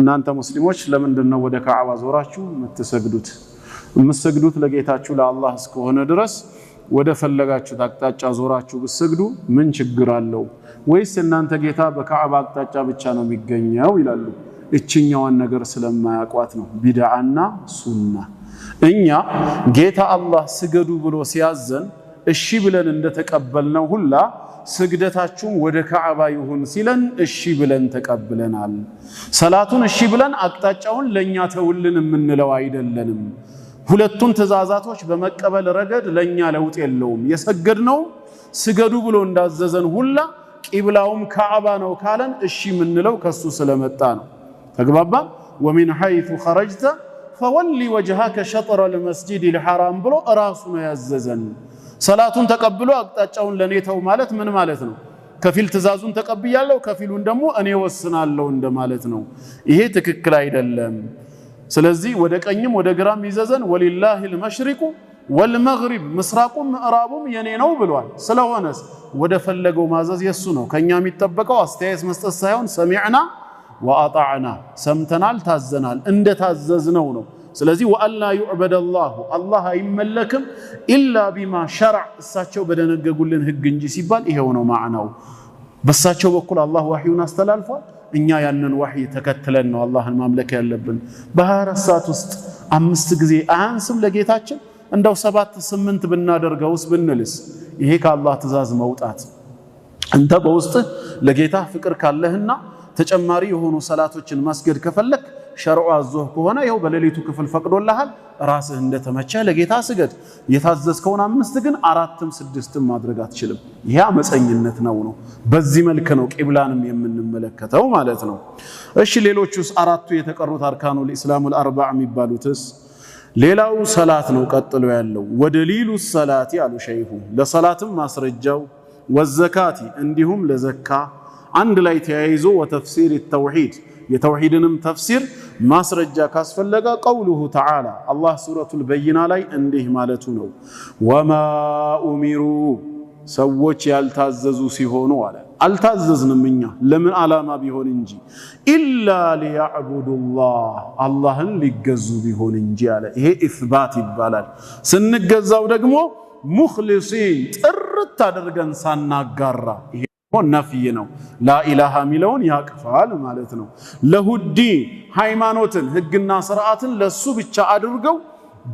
እናንተ ሙስሊሞች ለምንድን ነው ወደ ካዕባ ዞራችሁ የምትሰግዱት? የምትሰግዱት ለጌታችሁ ለአላህ እስከሆነ ድረስ ወደ ፈለጋችሁት አቅጣጫ ዞራችሁ ብትሰግዱ ምን ችግር አለው? ወይስ እናንተ ጌታ በካዕባ አቅጣጫ ብቻ ነው የሚገኘው ይላሉ። እችኛዋን ነገር ስለማያቋት ነው ቢድዓና ሱና። እኛ ጌታ አላህ ስገዱ ብሎ ሲያዘን እሺ ብለን እንደተቀበልነው ሁላ ስግደታችሁም ወደ ከዓባ ይሁን ሲለን እሺ ብለን ተቀብለናል። ሰላቱን እሺ ብለን አቅጣጫውን ለእኛ ተውልን የምንለው አይደለንም። ሁለቱን ትእዛዛቶች በመቀበል ረገድ ለእኛ ለውጥ የለውም። የሰገድነው ስገዱ ብሎ እንዳዘዘን ሁላ ቂብላውም ከዓባ ነው ካለን እሺ የምንለው ከሱ ስለመጣ ነው። ተግባባ። ወሚን ሐይቱ ኸረጅተ ፈወሊ ወጅሃከ ሸጠረል ልመስጂድ ልሐራም ብሎ እራሱ ነው ያዘዘን። ሰላቱን ተቀብሎ አቅጣጫውን ለኔ ተው ማለት ምን ማለት ነው? ከፊል ትእዛዙን ተቀብያለሁ፣ ከፊሉን ደግሞ እኔ ወስናለሁ እንደማለት ነው። ይሄ ትክክል አይደለም። ስለዚህ ወደ ቀኝም ወደ ግራም ይዘዘን ወሊላህ ልመሽሪቁ ወልመግሪብ ምስራቁም ምዕራቡም የኔ ነው ብሏል። ስለሆነስ ወደ ፈለገው ማዘዝ የሱ ነው። ከኛ የሚጠበቀው አስተያየት መስጠት ሳይሆን ሰሚዕና ወአጣዕና ሰምተናል፣ ታዘናል፣ እንደታዘዝነው ነው ስለዚህ ወአላ ዩዕበደ ላሁ አላህ አይመለክም ኢላ ቢማ ሸርዕ እሳቸው በደነገጉልን ህግ እንጂ ሲባል ይሄው ነው ማዕናው። በእሳቸው በኩል አላህ ዋሕዩን አስተላልፏል። እኛ ያንን ዋሕይ ተከትለን ነው አላህን ማምለክ ያለብን። ሰዓት ውስጥ አምስት ጊዜ አያንስም ለጌታችን እንደው ሰባት ስምንት ብናደርገውስ ብንልስ ይሄ ከአላህ ትእዛዝ መውጣት አንተ በውስጥህ ለጌታ ፍቅር ካለህና ተጨማሪ የሆኑ ሰላቶችን ማስገድ ከፈለክ ሸርዑ አዞህ ከሆነ ይኸው በሌሊቱ ክፍል ፈቅዶልሃል። ራስህ እንደተመቸ ለጌታ ስገድ። የታዘዝከውን አምስት ግን አራትም ስድስትም ማድረግ አትችልም። ይህ አመፀኝነት ነው ነው በዚህ መልክ ነው ቂብላንም የምንመለከተው ማለት ነው። እሺ ሌሎቹስ አራቱ የተቀሩት አርካኑ ኢስላሙል አርባዕ የሚባሉትስ? ሌላው ሰላት ነው። ቀጥሎ ያለው ወደሊሉ ሰላቲ አሉ ሸይሁ ለሰላትም ማስረጃው ወዘካቲ እንዲሁም ለዘካ አንድ ላይ ተያይዞ ወተፍሲር ተውሂድ የተውሂድንም ተፍሲር ማስረጃ ካስፈለገ ቀውሉሁ ተዓላ አላህ ሱረቱል በይና ላይ እንዲህ ማለቱ ነው። ወማ ኡሚሩ ሰዎች ያልታዘዙ ሲሆኑ አለ። አልታዘዝንም እኛ ለምን ዓላማ ቢሆን እንጂ ኢላ ሊያዕቡዱላህ አላህን ሊገዙ ቢሆን እንጂ አለ። ይሄ ኢስባት ይባላል። ስንገዛው ደግሞ ሙኽሊሲን ጥርት አድርገን ሳናጋራ ነፍይ ነው። ላኢላሃ የሚለውን ያቅፋል ማለት ነው። ለሁዲ ሃይማኖትን፣ ህግና ስርዓትን ለሱ ብቻ አድርገው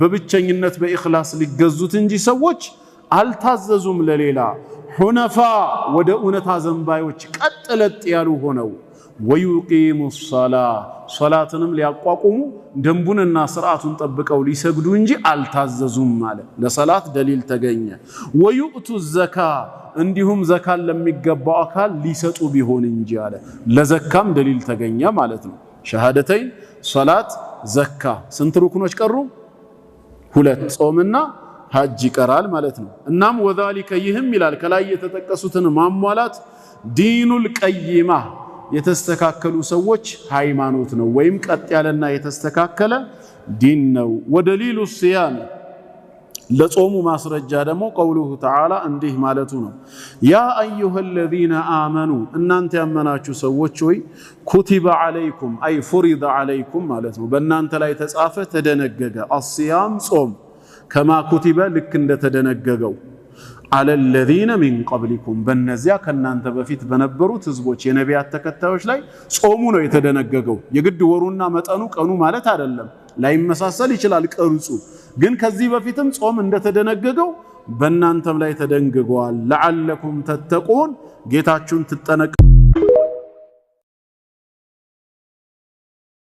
በብቸኝነት በኢኽላስ ሊገዙት እንጂ ሰዎች አልታዘዙም ለሌላ ሁነፋ ወደ እውነታ ዘንባዮች ቀጥ ለጥ ያሉ ሆነው ወዩቂሙ ሰላ ሰላትንም ሊያቋቁሙ ደንቡንና ስርዓቱን ጠብቀው ሊሰግዱ እንጂ አልታዘዙም አለ። ለሰላት ደሊል ተገኘ። ወዩእቱ ዘካ እንዲሁም ዘካን ለሚገባው አካል ሊሰጡ ቢሆን እንጂ አለ። ለዘካም ደሊል ተገኘ ማለት ነው። ሸሃደተይን፣ ሶላት ዘካ ስንት ሩክኖች ቀሩ? ሁለት። ጾምና ሀጅ ይቀራል ማለት ነው። እናም ወዛሊከ ይህም ይላል ከላይ የተጠቀሱትን ማሟላት ዲኑል ቀይማ የተስተካከሉ ሰዎች ሃይማኖት ነው ወይም ቀጥ ያለና የተስተካከለ ዲን ነው። ወደሊሉ ሲያም ለጾሙ ማስረጃ ደግሞ ቀውሉሁ ተዓላ እንዲህ ማለቱ ነው። ያ አዩሃ ለዚነ አመኑ እናንተ ያመናችሁ ሰዎች ሆይ ኩቲበ ዓለይኩም አይ ፉሪደ ዓለይኩም ማለት ነው። በእናንተ ላይ ተጻፈ ተደነገገ። አስያም ጾም ከማ ኩቲበ ልክ እንደተደነገገው አለለዚነ ለዚነ ሚን ቀብሊኩም በእነዚያ ከእናንተ በፊት በነበሩት ህዝቦች የነቢያት ተከታዮች ላይ ጾሙ ነው የተደነገገው። የግድ ወሩና መጠኑ ቀኑ ማለት አይደለም፣ ላይመሳሰል ይችላል ቅርጹ። ግን ከዚህ በፊትም ጾም እንደተደነገገው በእናንተም ላይ ተደንግገዋል። ለዓለኩም ተተቁን ጌታችሁን ትጠነቀ